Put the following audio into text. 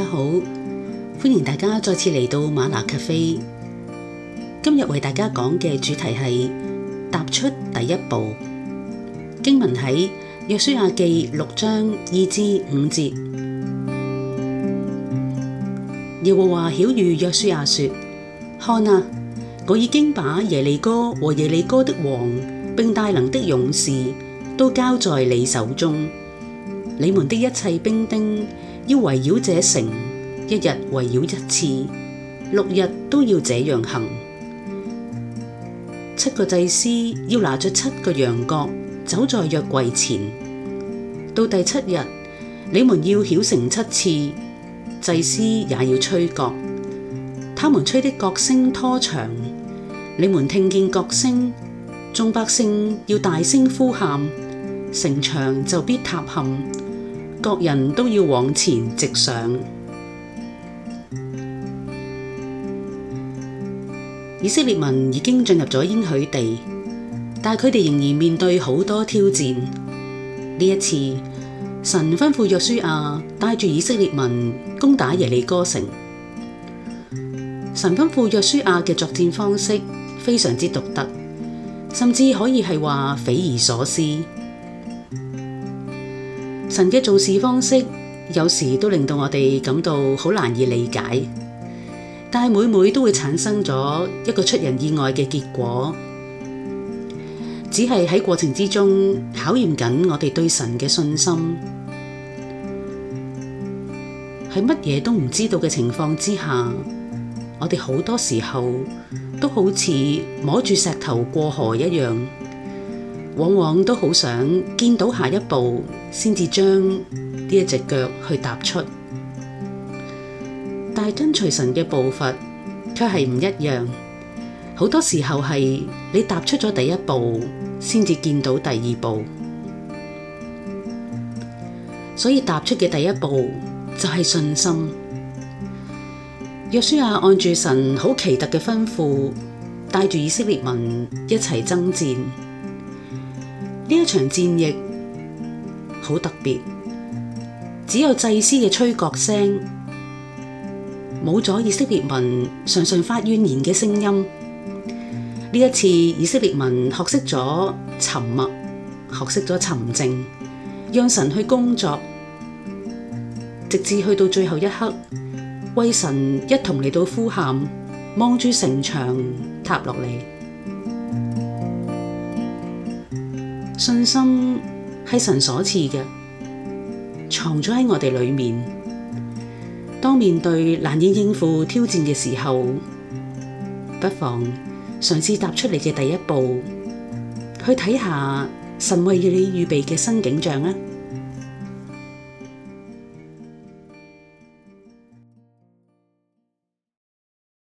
大家好，歡迎大家再次嚟到馬拿咖啡。今日為大家講嘅主題係踏出第一步。經文喺《約書亞記》六章二至五節。耶和華曉諭約書亞說：看啊，我已經把耶利哥和耶利哥的王，並大能的勇士，都交在你手中。你們的一切兵丁。要圍繞這城，一日圍繞一次，六日都要這樣行。七個祭司要拿着七個羊角走在約櫃前。到第七日，你們要繞城七次，祭司也要吹角。他們吹的角聲拖長，你們聽見角聲，眾百姓要大聲呼喊，城牆就必塌陷。各人都要往前直上。以色列民已經進入咗應許地，但佢哋仍然面對好多挑戰。呢一次，神吩咐約書亞帶住以色列民攻打耶利哥城。神吩咐約書亞嘅作戰方式非常之獨特，甚至可以係話匪夷所思。神嘅做事方式，有時都令到我哋感到好難以理解，但係每每都會產生咗一個出人意外嘅結果，只係喺過程之中考驗緊我哋對神嘅信心。喺乜嘢都唔知道嘅情況之下，我哋好多時候都好似摸住石頭過河一樣，往往都好想見到下一步。先至將呢一隻腳去踏出，但係跟隨神嘅步伐卻係唔一樣。好多時候係你踏出咗第一步，先至見到第二步。所以踏出嘅第一步就係、是、信心。約書亞，按住神好奇特嘅吩咐，帶住以色列民一齊爭戰呢一場戰役。好特別，只有祭司嘅吹角聲，冇咗以色列民常常發怨言嘅聲音。呢一次，以色列民學識咗沉默，學識咗沉靜，讓神去工作，直至去到最後一刻，為神一同嚟到呼喊，望住城牆塌落嚟，信心，係神所賜嘅，藏咗喺我哋裏面。當面對難以應付挑戰嘅時候，不妨嘗試踏出嚟嘅第一步，去睇下神為你預備嘅新景象啊！